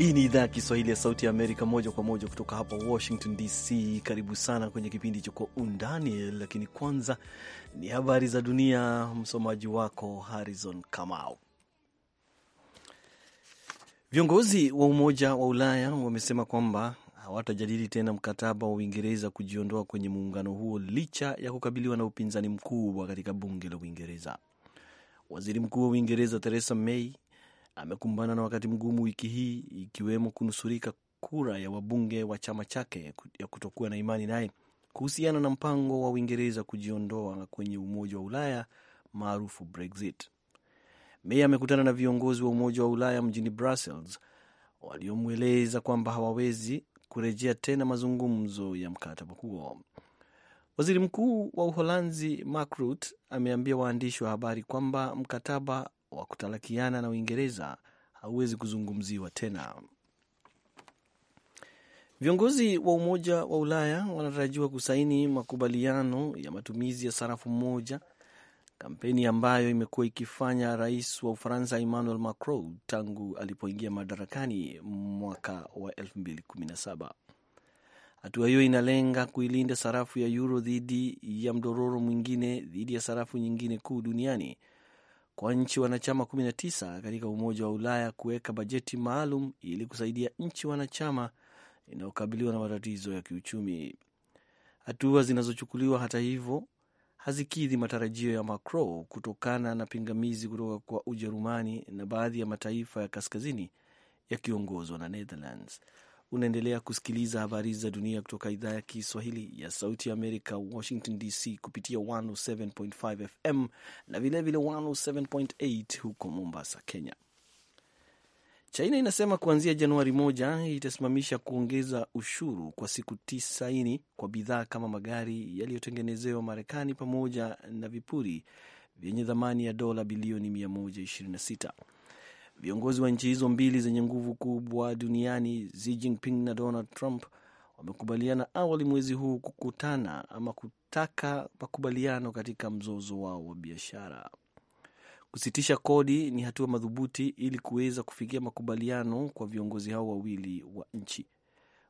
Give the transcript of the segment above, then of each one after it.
Hii ni idhaa ya Kiswahili ya Sauti ya Amerika, moja kwa moja kutoka hapa Washington DC. Karibu sana kwenye kipindi cha Kwa Undani, lakini kwanza ni habari za dunia. Msomaji wako Harrison Kamau. Viongozi wa Umoja wa Ulaya wamesema kwamba hawatajadili tena mkataba wa Uingereza kujiondoa kwenye muungano huo licha ya kukabiliwa na upinzani mkubwa katika bunge la Uingereza. Waziri Mkuu wa Uingereza Theresa May amekumbana na wakati mgumu wiki hii ikiwemo kunusurika kura ya wabunge wa chama chake ya kutokuwa na imani naye kuhusiana na mpango wa Uingereza kujiondoa kwenye Umoja wa Ulaya maarufu Brexit. May amekutana na viongozi wa Umoja wa Ulaya mjini Brussels waliomweleza kwamba hawawezi kurejea tena mazungumzo ya mkataba huo. Waziri Mkuu wa Uholanzi Mark Rutte ameambia waandishi wa habari kwamba mkataba wa kutalakiana na Uingereza hauwezi kuzungumziwa tena. Viongozi wa Umoja wa Ulaya wanatarajiwa kusaini makubaliano ya matumizi ya sarafu moja, kampeni ambayo imekuwa ikifanya rais wa Ufaransa Emmanuel Macron tangu alipoingia madarakani mwaka wa 2017. Hatua hiyo inalenga kuilinda sarafu ya euro dhidi ya mdororo mwingine dhidi ya sarafu nyingine kuu duniani kwa nchi wanachama 19 katika Umoja wa Ulaya kuweka bajeti maalum ili kusaidia nchi wanachama inayokabiliwa na matatizo ya kiuchumi. Hatua zinazochukuliwa hata hivyo hazikidhi matarajio ya Macron kutokana na pingamizi kutoka kwa Ujerumani na baadhi ya mataifa ya kaskazini yakiongozwa na Netherlands. Unaendelea kusikiliza habari za dunia kutoka idhaa ya Kiswahili ya Sauti ya Amerika, Washington DC, kupitia 107.5 FM na vilevile 107.8 huko Mombasa, Kenya. China inasema kuanzia Januari moja itasimamisha kuongeza ushuru kwa siku tisaini kwa bidhaa kama magari yaliyotengenezewa Marekani pamoja na vipuri vyenye thamani ya dola bilioni 126. Viongozi wa nchi hizo mbili zenye nguvu kubwa duniani Xi Jinping na Donald Trump wamekubaliana awali mwezi huu kukutana ama kutaka makubaliano katika mzozo wao wa biashara. Kusitisha kodi ni hatua madhubuti ili kuweza kufikia makubaliano kwa viongozi hao wawili wa nchi.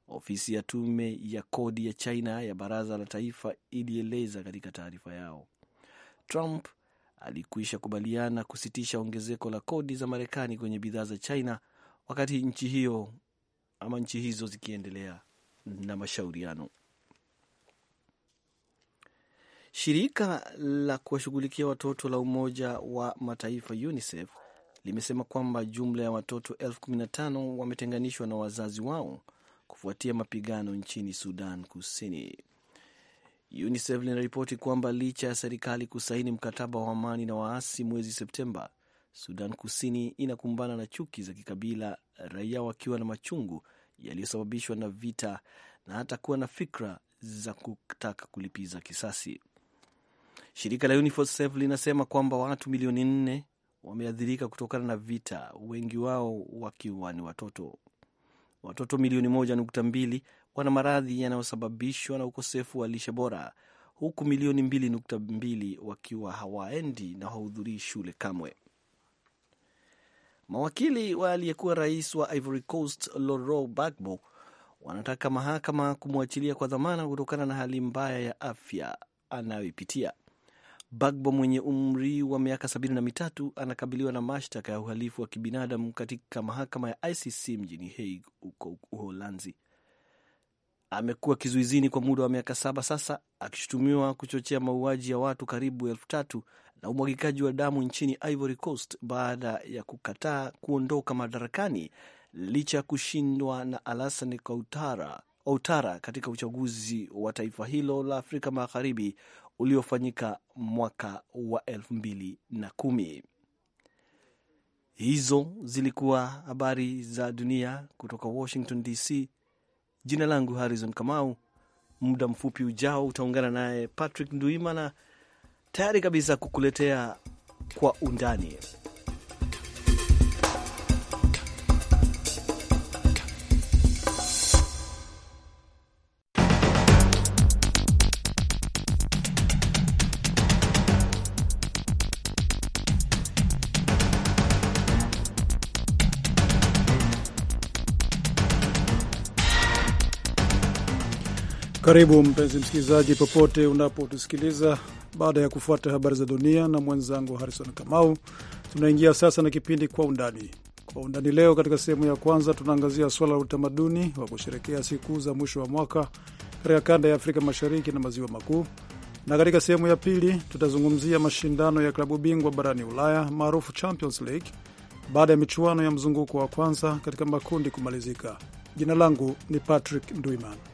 Ofisi ya tume ya kodi ya China ya baraza la taifa ilieleza katika taarifa yao. Trump alikwisha kubaliana kusitisha ongezeko la kodi za Marekani kwenye bidhaa za China wakati nchi hiyo ama nchi hizo zikiendelea na mashauriano. Shirika la kuwashughulikia watoto la Umoja wa Mataifa UNICEF limesema kwamba jumla ya watoto elfu kumi na tano wametenganishwa na wazazi wao kufuatia mapigano nchini Sudan Kusini. UNICEF linaripoti kwamba licha ya serikali kusaini mkataba wa amani na waasi mwezi Septemba, Sudan Kusini inakumbana na chuki za kikabila, raia wakiwa na machungu yaliyosababishwa na vita na hata kuwa na fikra za kutaka kulipiza kisasi. Shirika la UNICEF linasema kwamba watu milioni nne wameathirika kutokana na vita, wengi wao wakiwa ni watoto. Watoto milioni moja nukta mbili wana maradhi yanayosababishwa na ukosefu wa lishe bora, huku milioni 2.2 wakiwa hawaendi na wahudhurii shule kamwe. Mawakili wa aliyekuwa rais wa Ivory Coast Laurent Gbagbo wanataka mahakama kumwachilia kwa dhamana kutokana na hali mbaya ya afya anayoipitia. Bagbo mwenye umri wa miaka sabini na mitatu anakabiliwa na mashtaka ya uhalifu wa kibinadamu katika mahakama ya ICC mjini Hague huko Uholanzi amekuwa kizuizini kwa muda wa miaka saba sasa akishutumiwa kuchochea mauaji ya watu karibu elfu tatu na umwagikaji wa damu nchini Ivory Coast baada ya kukataa kuondoka madarakani licha ya kushindwa na Alassane Ouattara, Outara katika uchaguzi wa taifa hilo la Afrika Magharibi uliofanyika mwaka wa elfu mbili na kumi. Hizo zilikuwa habari za dunia kutoka Washington DC. Jina langu Harrison Kamau. Muda mfupi ujao utaungana naye Patrick Nduimana tayari kabisa kukuletea kwa undani. Karibu mpenzi msikilizaji, popote unapotusikiliza. Baada ya kufuata habari za dunia na mwenzangu Harrison Kamau, tunaingia sasa na kipindi Kwa Undani. Kwa Undani leo, katika sehemu ya kwanza tunaangazia suala la utamaduni wa kusherekea siku za mwisho wa mwaka katika kanda ya Afrika Mashariki na Maziwa Makuu, na katika sehemu ya pili tutazungumzia mashindano ya klabu bingwa barani Ulaya maarufu Champions League baada ya michuano ya mzunguko wa kwanza katika makundi kumalizika. Jina langu ni Patrick Ndwimana.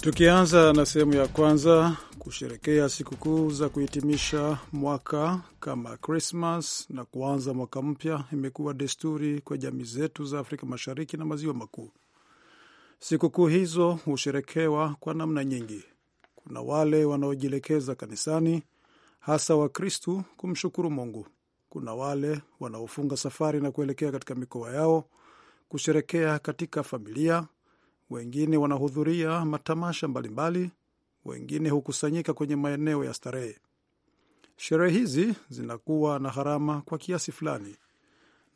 Tukianza na sehemu ya kwanza, kusherekea sikukuu za kuhitimisha mwaka kama Krismas na kuanza mwaka mpya imekuwa desturi kwa jamii zetu za Afrika Mashariki na Maziwa Makuu. Sikukuu hizo husherekewa kwa namna nyingi. Kuna wale wanaojielekeza kanisani, hasa Wakristu, kumshukuru Mungu. Kuna wale wanaofunga safari na kuelekea katika mikoa yao kusherekea katika familia wengine wanahudhuria matamasha mbalimbali, wengine hukusanyika kwenye maeneo ya starehe. Sherehe hizi zinakuwa na gharama kwa kiasi fulani,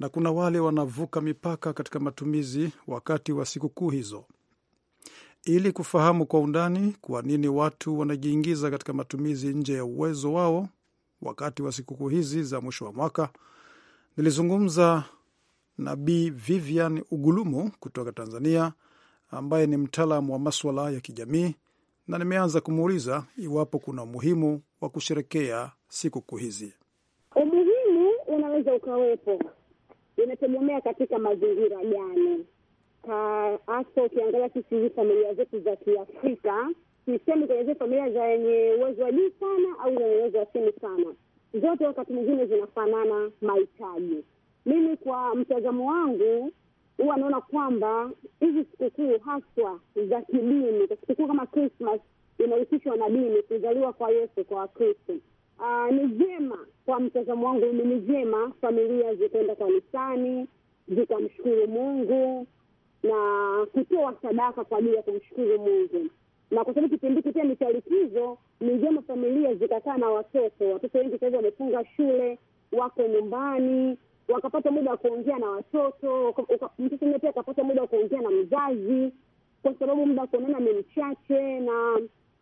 na kuna wale wanavuka mipaka katika matumizi wakati wa sikukuu hizo. Ili kufahamu kwa undani kwa nini watu wanajiingiza katika matumizi nje ya uwezo wao wakati wa sikukuu hizi za mwisho wa mwaka, nilizungumza na Bi Vivian Ugulumu kutoka Tanzania ambaye ni mtaalamu wa maswala ya kijamii, na nimeanza kumuuliza iwapo kuna umuhimu wa kusherekea sikukuu hizi. Umuhimu unaweza ukawepo, inategemea katika mazingira gani hasa. Ukiangalia sisi familia zetu za Kiafrika, sisemi kwenye zile familia wenye uwezo wa juu sana au zenye uwezo wa chini sana, zote wakati mwingine zinafanana mahitaji. Mimi kwa mtazamo wangu huwa naona kwamba hizi sikukuu haswa za kidini, sikukuu kama crismas inahusishwa na dini, kuzaliwa kwa Yesu kwa Wakristo. Uh, ni vyema kwa mtazamo wangu mimi, ni vyema familia zikaenda kanisani zikamshukuru Mungu na kutoa sadaka kwa ajili ya kumshukuru Mungu. Na kwa sababu kipindi hiki pia ni cha likizo, ni vyema familia zikakaa na watoto. Watoto wengi sasa wamefunga shule, wako nyumbani wakapata muda wa kuongea na watoto, mtoto pia akapata muda wa kuongea na mzazi, kwa sababu muda wa kuonana ni mchache, na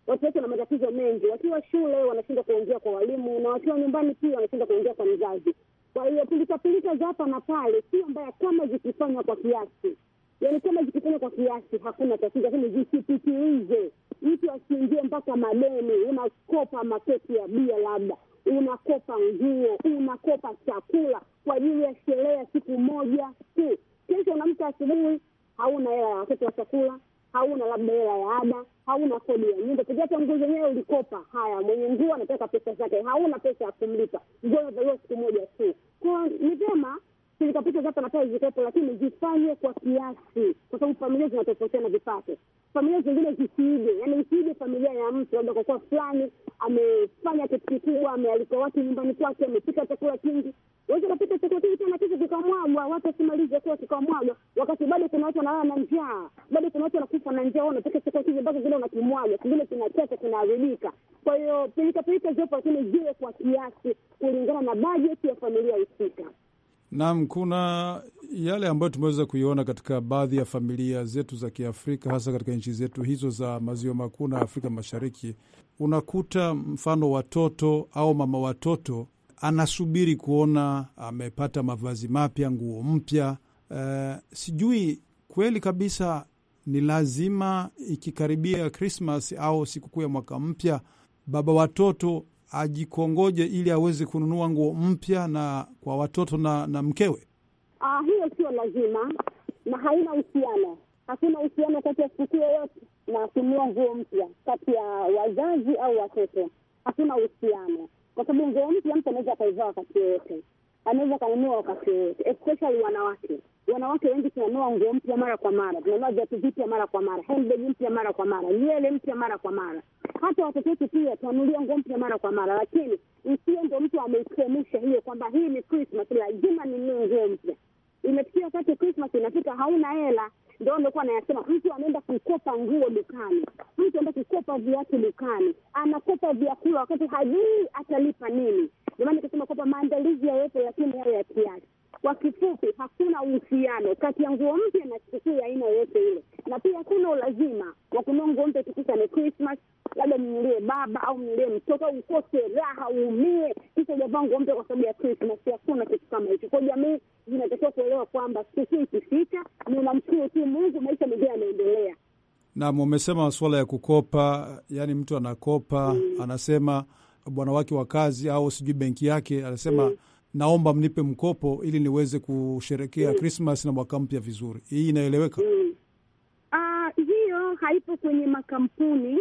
watu wetu wana matatizo mengi. Wakiwa shule wanashindwa kuongea kwa walimu, na wakiwa nyumbani pia wanashindwa kuongea kwa mzazi. Kwa hiyo pilikapilika za hapa na pale sio mbaya kama zikifanywa kwa kiasi, yaani kama zikifanywa kwa kiasi hakuna tatizo, lakini zisipitilize, mtu asiingie mpaka madeni, unakopa maketi ya bia labda unakopa nguo, unakopa chakula kwa ajili ya sherehe ya siku moja tu. Kesho unamka asubuhi, hauna hela ya watoto wa chakula, hauna labda hela ya ada, hauna kodi ya nyumba, pengine hata nguo zenyewe ulikopa. Haya, mwenye nguo anataka pesa zake, hauna pesa ya kumlipa, nguo inavaliwa siku moja tu. Kwa ni vyema silika picha zako natoa zilikuwepo, lakini zifanye kwa kiasi, kwa sababu familia zinatofautiana vipato. Familia zingine zisiige, yani isiige familia ya mtu, labda kwa kuwa fulani amefanya kitu kikubwa, amealika watu nyumbani kwake, amepika chakula kingi, waweza kapika chakula kingi sana, kitu kikamwagwa, watu wasimalize chakula kikamwagwa, wakati bado kuna watu wanalala na njaa, bado kuna watu wanakufa na njaa, wanapika chakula kingi ambazo kile unakimwaga, kingine kinachacha, kinaharibika. Kwa hiyo pilikapilika pilika zipo, lakini ziwe kwa kiasi, kulingana na bajeti ya familia husika. Naam, kuna yale ambayo tumeweza kuiona katika baadhi ya familia zetu za Kiafrika, hasa katika nchi zetu hizo za maziwa makuu na Afrika Mashariki. Unakuta mfano watoto au mama watoto anasubiri kuona amepata mavazi mapya, nguo mpya. Uh, sijui kweli kabisa ni lazima ikikaribia Krismas au sikukuu ya mwaka mpya, baba watoto ajikongoje ili aweze kununua nguo mpya na kwa watoto na, na mkewe? Ah, hiyo sio lazima na haina uhusiano. Hakuna uhusiano kati ya sikukuu yoyote na kununua nguo mpya, kati ya wazazi au watoto. Hakuna uhusiano, kwa sababu nguo mpya mtu anaweza akaivaa wakati wowote, anaweza akanunua wakati wowote, especially wanawake wanawake wengi tunanua nguo mpya mara kwa mara, tunanua viatu vipya mara kwa mara, handbag mpya mara kwa mara, nywele mpya mara kwa mara. Hata watoto wetu pia tunanulia nguo mpya mara kwa mara, lakini isiyo ndo mtu ameichemusha hiyo kwamba hii ni Christmas, lazima ninunue nguo mpya. Imefikia wakati Christmas inafika, hauna hela ndo nilikuwa nayasema, mtu anaenda kukopa nguo dukani, mtu anaenda kukopa viatu dukani, anakopa vyakula wakati hajui atalipa nini. Ndio maana nikasema kwamba maandalizi yawepo, lakini yawe ya kiasi. Kwa kifupi, hakuna uhusiano kati ya nguo mpya na sikukuu ya aina yoyote ile, na pia hakuna ulazima wa kunua nguo mpya tukisa ni Christmas, labda mnulie baba au mnulie mtoto au ukose raha uumie, kisha ujavaa nguo mpya kwa sababu ya Christmas. Hakuna kitu kama hicho. Kwa jamii zinatakiwa kuelewa kwamba sikukuu ikifika ni unamshukuru tu Mungu, maisha mengine yanaendelea. Naam, umesema masuala ya kukopa, yaani mtu anakopa mm. anasema bwana wake wa kazi au sijui benki yake anasema mm naomba mnipe mkopo ili niweze kusherekea Krismas na mwaka mpya vizuri. Hii inaeleweka mm. Uh, hiyo haipo kwenye makampuni,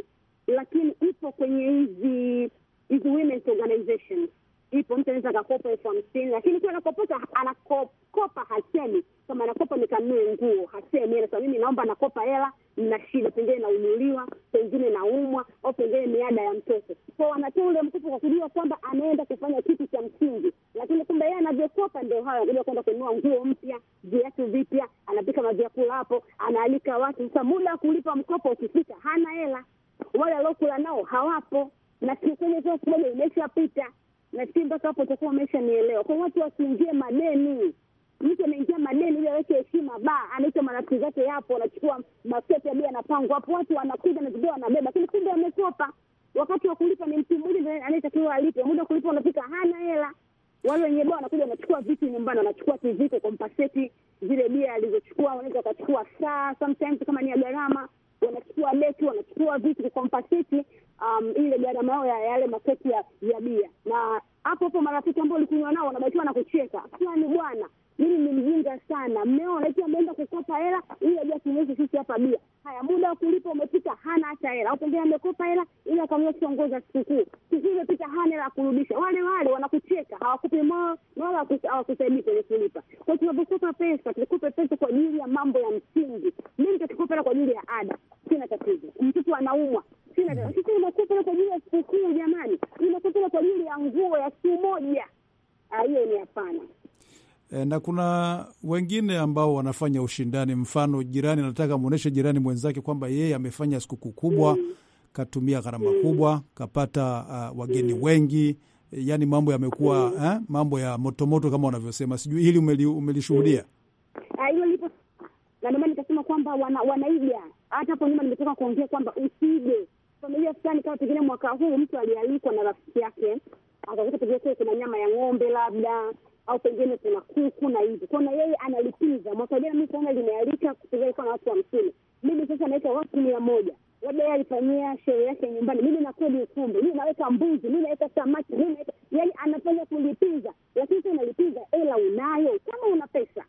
lakini ipo kwenye hizi hizi women's organizations ipo mtu anaweza akakopa elfu hamsini lakini kiwa anakopota anakopa hasemi kama anakopa nikanue nguo hasemi hela. Mimi naomba nakopa hela, nina shida, pengine naunuliwa, pengine naumwa, au pengine miada ya mtoto ko so, anatoa ule mkopo kwa kujua kwamba anaenda kufanya kitu cha msingi, lakini kumbe yeye anavyokopa ndio hayo, anakuja kwenda kununua nguo mpya, viatu vipya, anapika mavyakula hapo, anaalika watu. Sasa muda wa kulipa mkopo ukifika, hana hela, wale aliokula nao hawapo na siku kwenye hizo kumoja imeshapita nafikiri mpaka hapo utakuwa umeshanielewa. Kwa watu wasiingie madeni. Mtu anaingia madeni ili aweke heshima ba, anaita marafiki zake yapo, anachukua masketi ya bia, anapangwa hapo, watu wanakuja na wanabeba, lakini kumbe wamekopa. Wakati wa kulipa ni mtu mmoja anayetakiwa alipe, muda wa kulipa unafika, hana hela. Wale wenye bao wanakuja wanachukua vitu nyumbani, wanachukua TV kwa kompaseti zile bia alizochukua, wanaweza wakachukua saa sometimes kama ni ya gharama, wanachukua beti, wanachukua vitu kwa kompaseti, um, ile gharama yao ya yale maketi ya, ya bia, na hapo hapo marafiki ambao ulikunywa nao wanabakiwa na kucheka, kwani bwana mimi ni mjinga sana, mmeona eti ameenda kukopa hela ili aje tunyeshe sisi hapa bia. Haya, muda wa kulipa umepita, hana hata hela, au pengine amekopa hela ili akamia kuongoza sikukuu, sikukuu imepita, hana hela ya kurudisha. Wale wale wanakucheka, hawakupi moyo wala hawakusaidii kwenye kulipa. Kwa tunapokopa pesa, tukope pesa kwa ajili ya mambo ya msingi. Mimi nitakukopa hela kwa ajili ya ada, sina tatizo. Mtoto anaumwa, sana. Mm-hmm. Sikukuu inakuwa kwa ajili ya sikukuu, jamani, inakuwa kwa ajili ya nguo ya siku moja. Ah, hiyo ni hapana. E, na kuna wengine ambao wanafanya ushindani, mfano jirani anataka mwonyeshe jirani mwenzake kwamba yeye amefanya sikukuu kubwa mm. katumia gharama mm. kubwa, kapata uh, wageni mm. wengi yaani mambo yamekuwa mm. eh, mambo ya motomoto kama wanavyosema. Sijui hili umelishuhudia mm. ah, hilo lipo, na ndio maana nikasema kwamba wanaiga. Hata hapo nyuma nimetoka kuongea kwamba usije familia fulani, kama pengine mwaka huu mtu alialikwa na rafiki yake akakuta pengine kule kuna nyama ya ng'ombe labda au pengine kuna kuku na hivi kwao, na yeye analipiza. Mwaka jana mi sana limealika kupeleka na watu hamsini, mimi sasa naita watu mia moja labda yeye alifanyia sherehe yake nyumbani, mimi nakodi ukumbi, mimi naweka mbuzi, mimi naweka samaki, mimi naweka yani, anafanya kulipiza, lakini sasa unalipiza, hela unayo, kama una pesa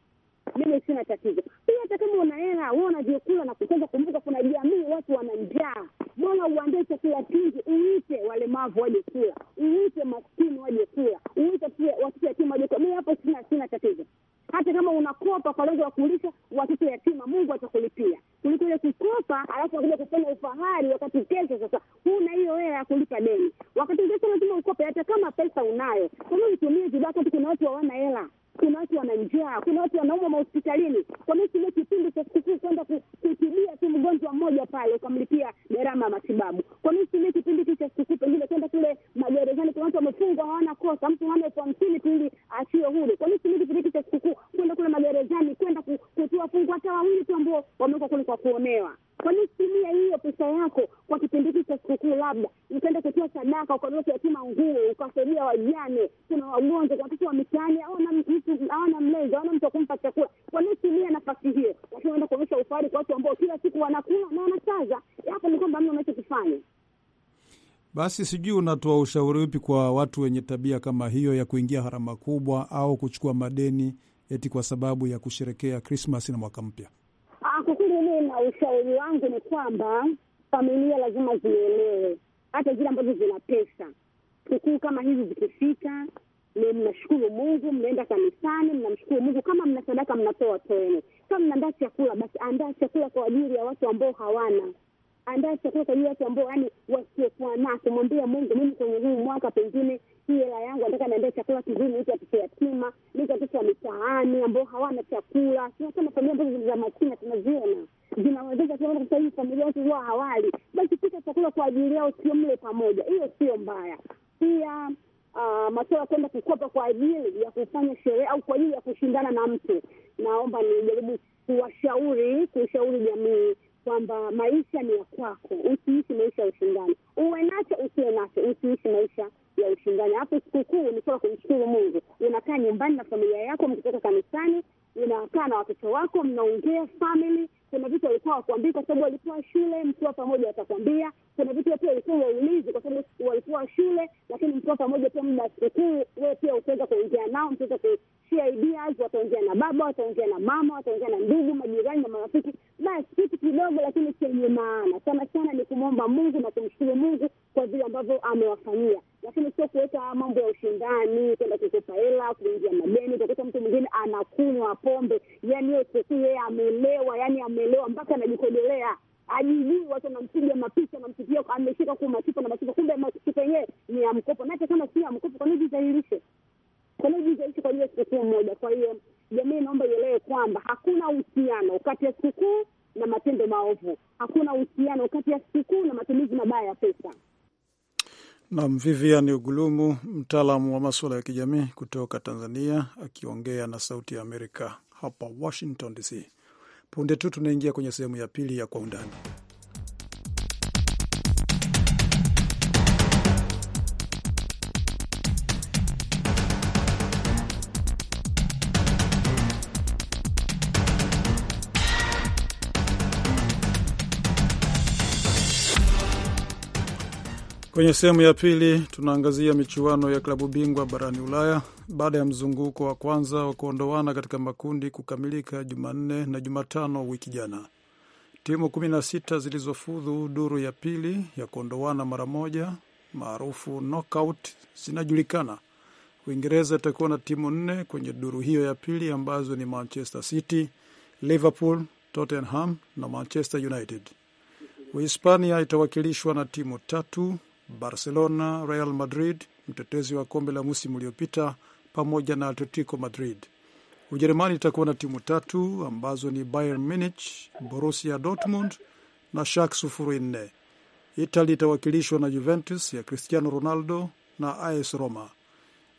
mimi sina tatizo. Pia hata kama una hela, we una na kutenza, Kumbuka kuna jamii watu wana njaa, bora uandae chakula kingi, uite walemavu waje kula, uite maskini waje kula, uite pia watoto yatima waje kula. Mi hapo sina sina tatizo, hata kama unakopa kwa lengo la kulisha watoto yatima, Mungu atakulipia kuliko ile kukopa alafu akuja kufanya ufahari, wakati kesho sasa huna hiyo hela ya kulipa deni. Wakati kesho lazima ukope, hata kama pesa unayo, kwa utumie vibaka tu. Kuna watu hawana hela, kuna watu wana njaa, kuna watu wanaumwa mahospitalini. Kwa nini kipindi cha mmoja pale ukamlipia gharama ya matibabu. Kwa nini situmie kipindi hiki cha sikukuu pengine kwenda kule magerezani? Kuna watu wamefungwa hawana kosa, mtu hana elfu hamsini pindi achiwe huru. Kwa nini situmie kipindi hiki cha sikukuu kwenda kule magerezani, kwenda kutoa fungu hata wawili tu ambao wamewekwa kule kwa kuonewa? Kwa nini situmie hiyo pesa yako kwa kipindi hiki cha sikukuu, labda ukaenda kutoa sadaka, ukaweza yatima nguo, ukawasaidia wajane, kuna wagonjwa, kuna watoto wa mitaani hawana mlezi, hawana mtu wa kumpa chakula. Waliotumia nafasi hiyo, lakini wanaenda kuonyesha ufahari kwa watu ambao kila siku wanakula na wanachaza? Hapo ni kwamba mna unachokifanya basi sijui unatoa ushauri upi kwa watu wenye tabia kama hiyo ya kuingia harama kubwa au kuchukua madeni eti kwa sababu ya kusherekea Krismas na mwaka mpya? Ah, kwa kweli, mimi na ushauri wangu ni kwamba familia lazima zielewe, hata zile ambazo zina pesa. Sikukuu kama hizi zikifika, ni mnashukuru Mungu, mnaenda kanisani, mnamshukuru Mungu. Kama mna sadaka mnatoa, toeni. Kama mnaandaa chakula, basi andaa chakula kwa ajili ya watu ambao hawana andaa chakula kwa ajili ya watu ambao yani wasiokuwa na kumwambia Mungu, mimi kwenye huu mwaka pengine hii hela yangu nataka niandae chakula kizuri, nipe watoto yatima, nipe watoto wa mitaani ambao hawana chakula. Kama familia ambazo za maskini tunaziona zinawezesha kuona kwa hii familia watu huwa hawali, basi pika chakula kwa ajili yao, sio mle pamoja, hiyo sio mbaya pia. Uh, masuala kwenda kukopa kwa ajili ya kufanya sherehe au kwa ajili ya kushindana na mtu, naomba nijaribu kuwashauri, kushauri jamii kwamba maisha ni ya kwako, usiishi maisha ya ushindani. Uwe nacho usiwe nacho, usiishi maisha ya ushindani. Hapo sikukuu ni kumshukuru Mungu. Unakaa nyumbani na familia yako, mkitoka kanisani unakaa na watoto wako, mnaongea family. Kuna vitu walikuwa wakuambia kwa sababu walikuwa shule, mkiwa pamoja watakwambia. Kuna vitu pia walikuwa waulizi kwa sababu walikuwa shule, lakini mkiwa pamoja pia muda wa sikukuu, wee pia ukiweza kuongea nao, mkiweza watawapatia ideas, wataongea na baba, wataongea na mama, wataongea na ndugu, majirani na marafiki. Basi kitu kidogo lakini chenye maana sana sana ni kumwomba Mungu na kumshukuru Mungu kwa vile ambavyo amewafanyia, lakini sio kuweka mambo ya ushindani, kwenda kukopa hela, kuingia madeni. Utakuta mtu mwingine anakunywa pombe, yani yeye amelewa, yani amelewa mpaka anajikodolea ajijui watu wanampiga mapicha, wanampigia ameshika kuu machupa na machupa, kumbe machupa yenyewe ni ya mkopo, hata kama si ya mkopo, kwa nini jitahirishe? kwa nini kwa hiyo sikukuu moja. Kwa hiyo jamii inaomba ielewe kwamba hakuna uhusiano kati ya sikukuu na matendo maovu, hakuna uhusiano kati ya sikukuu na matumizi mabaya ya pesa. Nam Vivian Ugulumu, mtaalamu wa maswala ya kijamii kutoka Tanzania, akiongea na Sauti ya Amerika hapa Washington DC. Punde tu tunaingia kwenye sehemu ya pili ya Kwa Undani. Kwenye sehemu ya pili tunaangazia michuano ya klabu bingwa barani Ulaya baada ya mzunguko wa kwanza wa kuondoana katika makundi kukamilika Jumanne na Jumatano wiki jana. Timu 16 zilizofudhu duru ya pili ya kuondoana mara moja maarufu knockout zinajulikana. Uingereza itakuwa na timu nne kwenye duru hiyo ya pili ambazo ni Manchester City, Liverpool, Tottenham na Manchester United. Uhispania itawakilishwa na timu tatu Barcelona, Real Madrid, mtetezi wa kombe la msimu uliopita, pamoja na Atletico Madrid. Ujerumani itakuwa na timu tatu ambazo ni Bayern Munich, Borussia Dortmund na Schalke 04. Itali itawakilishwa na Juventus ya Cristiano Ronaldo na AS Roma.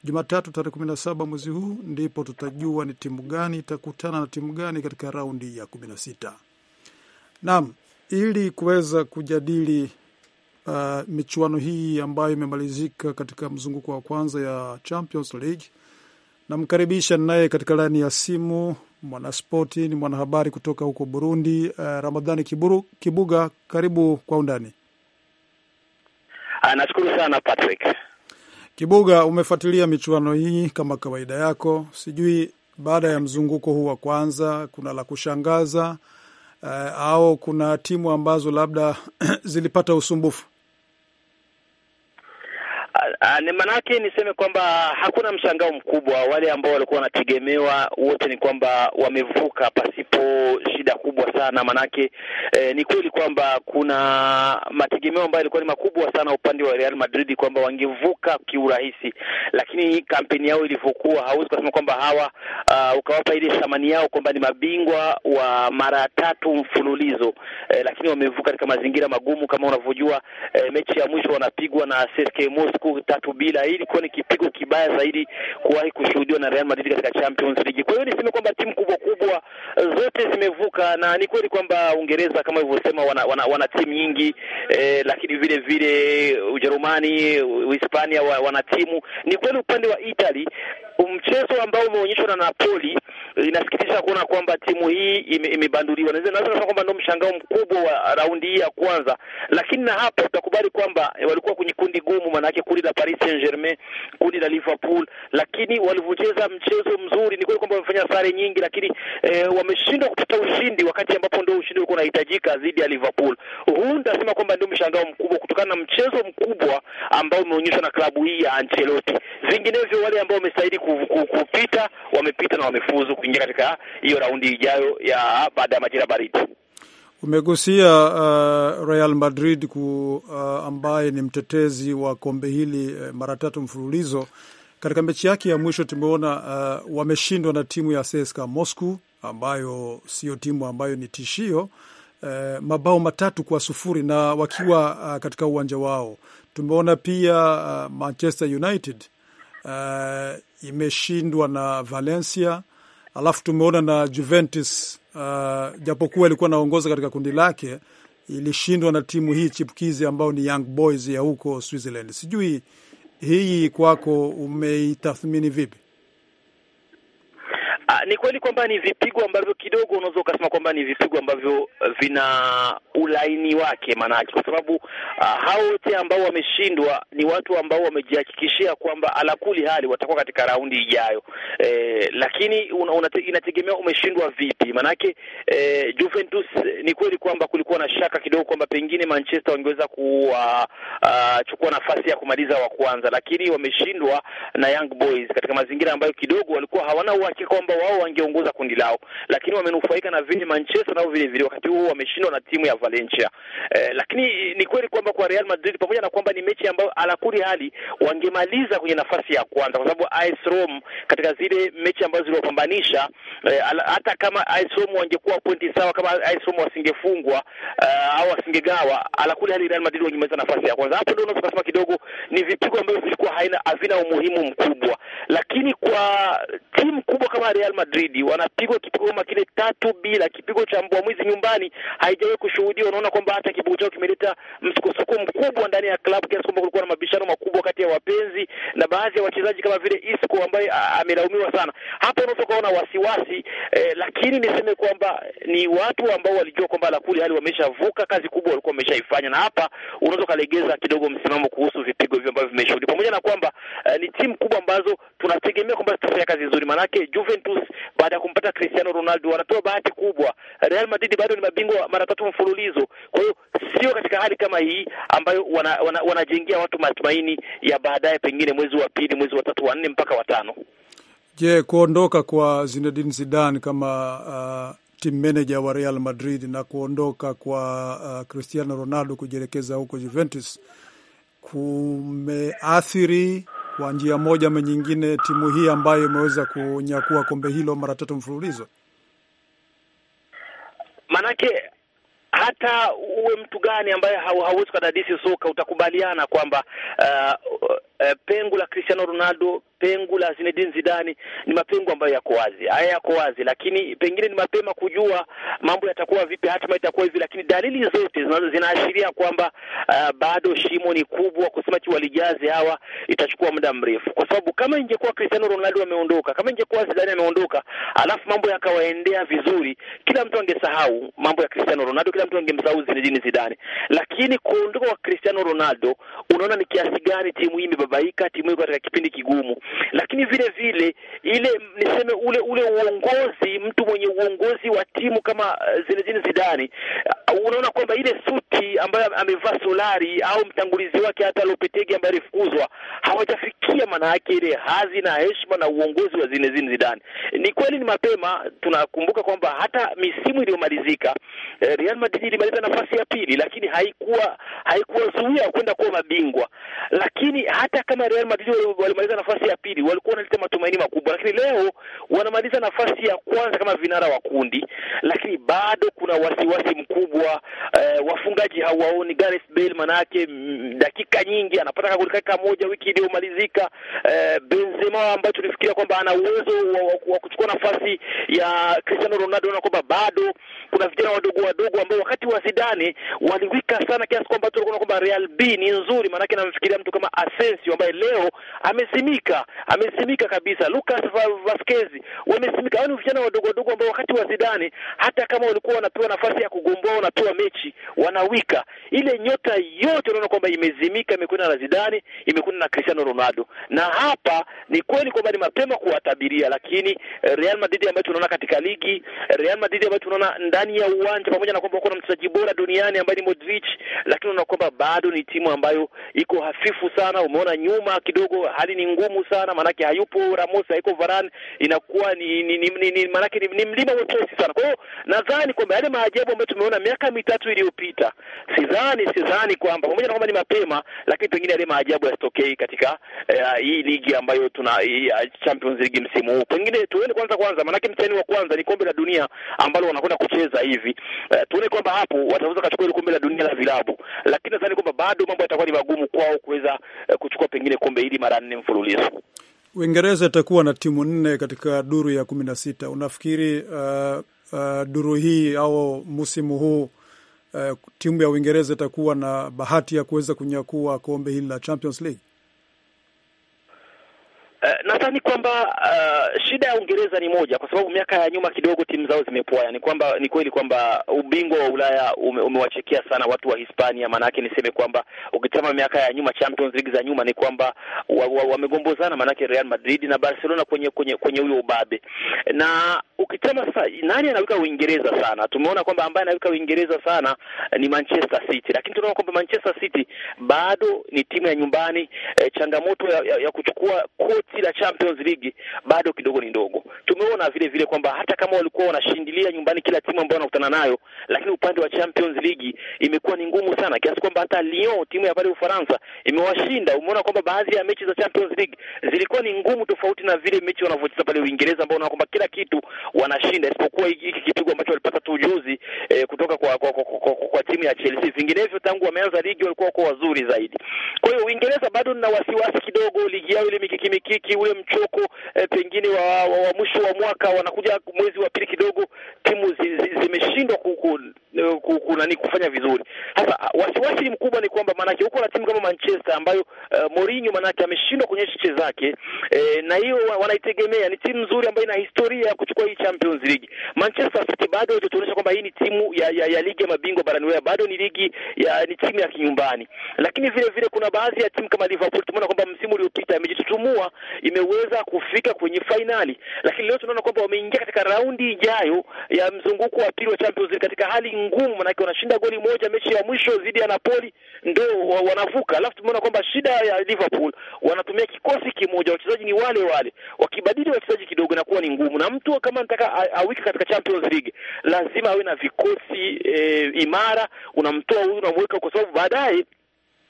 Jumatatu tarehe 17 mwezi huu ndipo tutajua ni timu gani itakutana na timu gani katika raundi ya 16. Naam, ili kuweza kujadili uh, michuano hii ambayo imemalizika katika mzunguko wa kwanza ya Champions League. Namkaribisha naye katika laini ya simu mwanaspoti, ni mwanahabari kutoka huko Burundi, uh, Ramadhani Kiburu, Kibuga, karibu kwa undani. Ah, nashukuru sana Patrick Kibuga, umefuatilia michuano hii kama kawaida yako. Sijui baada ya mzunguko huu wa kwanza kuna la kushangaza uh, au kuna timu ambazo labda zilipata usumbufu? Ah, ah, Maanake niseme kwamba hakuna mshangao mkubwa. Wale ambao walikuwa wanategemewa wote ni kwamba wamevuka pasipo shida kubwa sana. Maanake eh, ni kweli kwamba kuna mategemeo ambayo yalikuwa ni makubwa sana upande wa Real Madrid kwamba wangevuka kiurahisi, lakini kampeni yao ilivyokuwa, hauwezi kusema kwamba hawa uh, ukawapa ile thamani yao kwamba ni mabingwa wa mara tatu mfululizo eh, lakini wamevuka katika mazingira magumu kama unavyojua, eh, mechi ya mwisho wanapigwa na CSKA Moscow siku tatu bila. Hii ilikuwa ni kipigo kibaya zaidi kuwahi kushuhudiwa na Real Madrid katika Champions League. Kwa hiyo niseme kwamba timu kubwa kubwa zote zimevuka, na ni kweli kwamba Uingereza kama ilivyosema wana, wana, wana timu nyingi eh, lakini vile vile Ujerumani, Uhispania wana timu. Ni kweli upande wa Italy mchezo ambao umeonyeshwa na Napoli, inasikitisha kuona kwamba timu hii imebanduliwa. Ime naweza nasema kwamba ndio mshangao mkubwa wa raundi hii ya kwanza, lakini na hapo utakubali kwamba eh, walikuwa kwenye kundi gumu, yake kundi la Paris Saint-Germain, kundi la Liverpool, lakini walivyocheza mchezo mzuri. Ni kweli kwamba wamefanya sare nyingi, lakini e, wameshindwa kupata ushindi wakati ambapo ndio ushindi ulikuwa unahitajika dhidi ya Liverpool. Huu nitasema kwamba ndio mshangao mkubwa kutokana na mchezo mkubwa ambao umeonyeshwa na klabu hii ya Ancelotti. Vinginevyo wale ambao wamestahili kupita wamepita na wamefuzu kuingia katika hiyo raundi ijayo ya baada ya majira baridi. Umegusia uh, Real Madrid ku, uh, ambaye ni mtetezi wa kombe hili uh, mara tatu mfululizo. Katika mechi yake ya mwisho tumeona uh, wameshindwa na timu ya CSKA Moscow ambayo sio timu ambayo ni tishio uh, mabao matatu kwa sufuri na wakiwa uh, katika uwanja wao. Tumeona pia uh, Manchester United uh, imeshindwa na Valencia, alafu tumeona na Juventus uh, japokuwa ilikuwa naongoza katika kundi lake ilishindwa na timu hii chipukizi ambayo ni Young Boys ya huko Switzerland. Sijui hii kwako umeitathmini vipi? A, ah, ni kweli kwamba ni vipigo ambavyo kidogo unaweza ukasema kwamba ni vipigo ambavyo eh, vina ulaini wake, maanake kwa sababu ah, hao wote ambao wameshindwa ni watu ambao wamejihakikishia kwamba alakuli hali watakuwa katika raundi ijayo. E, lakini una, una, inategemea umeshindwa vipi, maanake e, Juventus ni kweli kwamba kulikuwa na shaka kidogo kwamba pengine Manchester wangeweza kuchukua ah, nafasi ya kumaliza wa kwanza, lakini wameshindwa na Young Boys katika mazingira ambayo kidogo walikuwa hawana uhakika kwamba kwamba wao wangeongoza kundi lao, lakini wamenufaika na vile Manchester nao vile vile wakati huo wameshindwa na timu ya Valencia. Eh, lakini ni kweli kwamba kwa Real Madrid pamoja na kwamba ni mechi ambayo alakuli hali wangemaliza kwenye nafasi ya kwanza, kwa sababu AS Roma katika zile mechi ambazo ziliwapambanisha eh, hata kama AS Roma wangekuwa pointi sawa, kama AS Roma wasingefungwa uh, au wasingegawa, alakuli hali Real Madrid wangemaliza nafasi ya kwanza. Hapo ndio unaweza kusema kidogo ni vipigo ambavyo vilikuwa haina havina umuhimu mkubwa, lakini kwa timu kubwa kama Real Real Madrid wanapigwa kipigo kama kile tatu bila, kipigo cha mbwa mwizi nyumbani haijawahi kushuhudiwa. Unaona kwamba hata kipigo chao kimeleta msukosuko mkubwa ndani ya klabu kiasi kwamba kulikuwa na mabishano makubwa kati ya wapenzi na baadhi ya wachezaji kama vile Isco ambaye amelaumiwa sana. Hapo unaweza kuona wasiwasi eh, lakini niseme kwamba ni watu ambao walijua kwamba la kuli hali wameshavuka, kazi kubwa walikuwa wameshaifanya, na hapa unaweza kalegeza kidogo msimamo kuhusu vipigo hivyo ambavyo vimeshuhudiwa, pamoja na kwamba eh, ni timu kubwa ambazo tunategemea kwamba zitafanya kazi nzuri, maanake Juventus Juventus baada ya kumpata Cristiano Ronaldo, wanapewa bahati kubwa. Real Madrid bado ni mabingwa mara tatu mfululizo. Kwa hiyo sio katika hali kama hii ambayo wanajengea wana, wana watu matumaini ya baadaye, pengine mwezi wa pili, mwezi wa tatu, wa nne mpaka watano. Je, kuondoka kwa Zinedine Zidane kama uh, team manager wa Real Madrid na kuondoka kwa uh, Cristiano Ronaldo kujielekeza huko Juventus kumeathiri kwa njia moja ama nyingine timu hii ambayo imeweza kunyakua kombe hilo mara tatu mfululizo? Manake hata uwe mtu gani ambaye hauwezi kudadisi soka utakubaliana kwamba uh, uh, pengo la Cristiano Ronaldo pengo la Zinedine Zidane ni mapengo ambayo yako wazi, haya yako wazi, lakini pengine ni mapema kujua mambo yatakuwa vipi, hatima itakuwa hivi, lakini dalili zote zinaashiria kwamba uh, bado shimo ni kubwa, kusema ti walijaze hawa itachukua muda mrefu, kwa sababu kama ingekuwa Cristiano Ronaldo ameondoka, kama ingekuwa Zidane ameondoka, alafu mambo yakawaendea vizuri, kila mtu angesahau mambo ya Cristiano Ronaldo, kila mtu angemsahau Zinedine Zidane, lakini kuondoka kwa Cristiano Ronaldo, unaona ni kiasi gani timu hii imebabaika, timu hii katika kipindi kigumu lakini vile vile ile niseme ule ule uongozi, mtu mwenye uongozi wa timu kama eh, Zinedine Zidane, uh, unaona kwamba ile suti ambayo amevaa Solari au mtangulizi wake hata Lopetegi ambaye alifukuzwa, hawajafikia maana yake ile hadhi na heshima na uongozi wa Zinedine Zidane. Ni kweli ni mapema, tunakumbuka kwamba hata misimu iliyomalizika eh, Real Madrid ilimaliza nafasi ya pili, lakini haikuwa haikuwazuia kwenda kuwa mabingwa. Lakini hata kama Real Madrid walimaliza nafasi ya pili walikuwa wanaleta matumaini makubwa, lakini leo wanamaliza nafasi ya kwanza kama vinara wa kundi, lakini bado kuna wasiwasi mkubwa eh, wafungaji hawaoni Gareth Bale, manake mm, dakika nyingi anapata kagoli dakika moja wiki iliyomalizika. Eh, Benzema ambaye tulifikiria kwamba ana uwezo wa kuchukua nafasi ya Cristiano Ronaldo, na kwamba bado kuna vijana wadogo wadogo ambao wakati wa Zidane waliwika sana kiasi kwamba tunaona kwamba Real B ni nzuri, maanake namfikiria mtu kama Asensio ambaye leo amesimika amesimika kabisa, Lucas Vasquez wamesimika. Yaani vijana wadogo wadogo ambao wakati wa Zidane hata kama walikuwa wanapewa nafasi ya kugomboa, wanapewa mechi, wanawika. Ile nyota yote unaona kwamba imezimika, imekwenda na Zidane, imekwenda na Cristiano Ronaldo. Na hapa ni kweli kwamba ni mapema kuwatabiria, lakini eh, Real Madrid ambayo tunaona katika ligi, eh, Real Madrid ambayo tunaona ndani ya uwanja, pamoja na kwamba wako na mchezaji bora duniani ambaye ni Modric, lakini unaona kwamba bado ni timu ambayo iko hafifu sana. Umeona nyuma kidogo, hali ni ngumu sana sana, maanake hayupo Ramos, haiko Varane, inakuwa ni, ni, ni, ni, ni maanake ni, ni mlima mwepesi sana. Kwa hiyo nadhani kwamba yale maajabu ambayo tumeona miaka mitatu iliyopita, sidhani sidhani kwamba pamoja na kwamba ni mapema, lakini pengine yale maajabu yasitokei katika uh, hii ligi ambayo tuna hii, uh, Champions League msimu huu. Pengine tuone kwanza kwanza, maanake mtihani wa kwanza ni kombe la dunia ambalo wanakwenda kucheza hivi, uh, tuone kwamba hapo wataweza kuchukua ile kombe la dunia la vilabu, lakini nadhani kwamba bado mambo yatakuwa ni magumu kwao kuweza uh, kuchukua pengine kombe hili mara nne mfululizo. Uingereza itakuwa na timu nne katika duru ya kumi na sita. Unafikiri uh, uh, duru hii au msimu huu uh, timu ya Uingereza itakuwa na bahati ya kuweza kunyakua kombe hili la Champions League? Uh, nadhani kwamba uh, shida ya Uingereza ni moja, kwa sababu miaka ya nyuma kidogo timu zao zimepoa. Ni kwamba ni kweli kwamba ubingwa wa Ulaya ume, umewachekea sana watu wa Hispania. Maanake niseme kwamba ukitazama miaka ya nyuma, Champions League za nyuma, ni kwamba wamegombozana wa, wa maanake Real Madrid na Barcelona kwenye kwenye kwenye huyo ubabe, na ukitazama sasa, nani anawika Uingereza sana? Tumeona kwamba ambaye anawika Uingereza sana eh, ni Manchester City, lakini tunaona kwamba Manchester City bado ni timu ya nyumbani eh, changamoto ya, ya, ya kuchukua kocha si la Champions League bado kidogo ni ndogo. Tumeona vile vile kwamba hata kama walikuwa wanashindilia nyumbani kila timu ambayo wanakutana nayo, lakini upande wa Champions League imekuwa ni ngumu sana, kiasi kwamba hata Lyon, timu ya pale Ufaransa, imewashinda. Umeona kwamba baadhi ya mechi za Champions League zilikuwa ni ngumu, tofauti na vile mechi wanavyocheza pale Uingereza, ambao unaona kwamba kila kitu wanashinda, isipokuwa hiki kipigo ambacho walipata tu juzi eh, kutoka kwa kwa, kwa, kwa, kwa, kwa timu ya Chelsea. Vinginevyo tangu wameanza ligi walikuwa wako wazuri zaidi. Kwa hiyo Uingereza bado na wasiwasi kidogo, ligi yao ile mikikimiki wiki ule mchoko eh, pengine wa, wa, wa mwisho wa mwaka wanakuja mwezi wa pili kidogo timu zimeshindwa zi, zi, zi Eh, kunani kufanya vizuri. Sasa ah, wasiwasi mkubwa ni kwamba maanake huko na timu kama Manchester ambayo uh, Mourinho maanake ameshindwa kuonyesha cheche zake e, na hiyo wanaitegemea. Ni timu nzuri ambayo ina historia ya kuchukua hii Champions League. Manchester City bado hajatuonyesha kwamba hii ni timu ya, ya, ya ligi ya mabingwa barani Ulaya, bado ni ligi ya, ni timu ya kinyumbani, lakini vile vile kuna baadhi ya timu kama Liverpool tumeona kwamba msimu uliopita imejitutumua, imeweza kufika kwenye fainali, lakini leo tunaona kwamba wameingia katika raundi ijayo ya mzunguko wa pili wa Champions League katika hali ngumu, manake wanashinda goli moja mechi ya mwisho dhidi ya Napoli ndo wanavuka. Alafu tumeona kwamba shida ya Liverpool wanatumia kikosi kimoja, wachezaji ni wale wale, wakibadili wachezaji kidogo inakuwa ni ngumu. Na mtu kama anataka awike katika Champions League lazima awe na vikosi e, imara. Unamtoa huyu unamweka, kwa sababu baadaye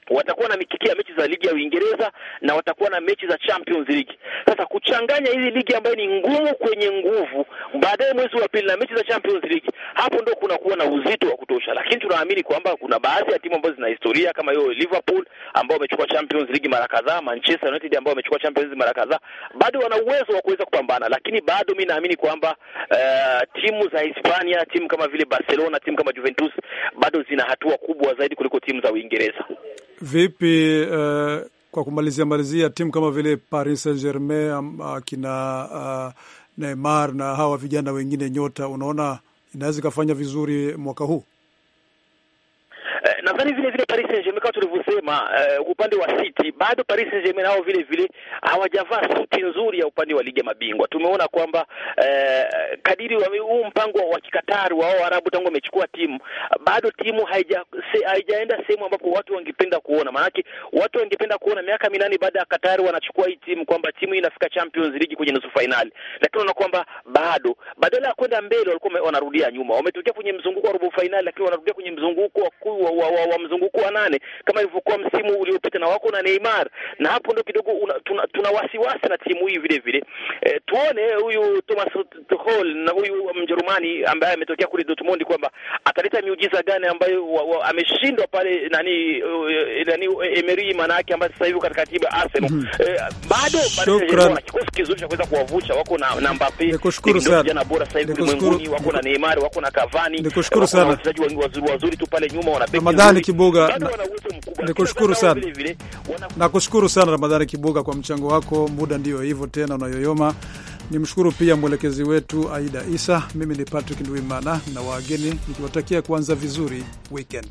watakuwa na mikiki ya mechi za ligi ya Uingereza na watakuwa na mechi za Champions League. Sasa kuchanganya hizi ligi ambayo ni ngumu kwenye nguvu, baadaye mwezi wa pili na mechi za Champions League, hapo ndo kunakuwa na uzito wa kutosha, lakini tunaamini kwamba kuna baadhi ya timu ambazo zina historia kama hiyo Liverpool ambao wamechukua Champions League mara kadhaa, Manchester United ambao wamechukua Champions League mara kadhaa, bado wana uwezo wa kuweza kupambana, lakini bado mi naamini kwamba uh, timu za Hispania, timu kama vile Barcelona, timu kama Juventus bado zina hatua kubwa zaidi kuliko timu za Uingereza. Vipi uh, kwa kumalizia malizia timu kama vile Paris Saint-Germain uh, kina uh, Neymar na hawa vijana wengine nyota, unaona inaweza ikafanya vizuri mwaka huu? nadhani vile vile Paris Saint-Germain kama tulivyosema, uh, upande wa City bado Paris Saint-Germain hao vile vile hawajavaa suti nzuri ya upande wa ligi ya mabingwa. Tumeona kwamba uh, kadiri huu mpango wa kikatari wa Waarabu tangu wamechukua timu bado timu haija, se, haijaenda sehemu ambapo watu wangependa kuona, maanake watu wangependa kuona miaka minane baada ya Katari wanachukua hii timu kwamba timu inafika Champions League kwenye nusu finali, lakini unaona kwamba bado badala ya kwenda mbele walikuwa wanarudia nyuma. Wametokea kwenye mzunguko wa robo finali, lakini wanarudia kwenye mzunguko wa, wa, wa, wa wa, wa mzunguko wa nane kama ilivyokuwa msimu uliopita, na wako na Neymar, na hapo ndio kidogo tuna, tuna wasiwasi na timu hii vile vile. E, tuone huyu Thomas Tuchel na huyu Mjerumani ambaye ametokea kule Dortmund kwamba ataleta miujiza gani ambayo ameshindwa pale nani uh, nani Emery manake ambaye sasa hivi katika katiba Arsenal mm -hmm. E, bado bado kikosi kizuri cha kuweza kuwavusha, wako na, na Mbappe nikushukuru sana jana bora sasa hivi mwinguni, wako na Neymar, wako na Cavani, nikushukuru sana wachezaji wazuri wazuri tu pale nyuma wanabeki Ramadhani Kibuga, nikushukuru sana, nakushukuru sana Ramadhani Kibuga kwa mchango wako. Muda ndiyo hivyo tena unayoyoma. Nimshukuru pia mwelekezi wetu Aida Isa. Mimi ni Patrick Ndwimana na wageni nikiwatakia kuanza vizuri weekend.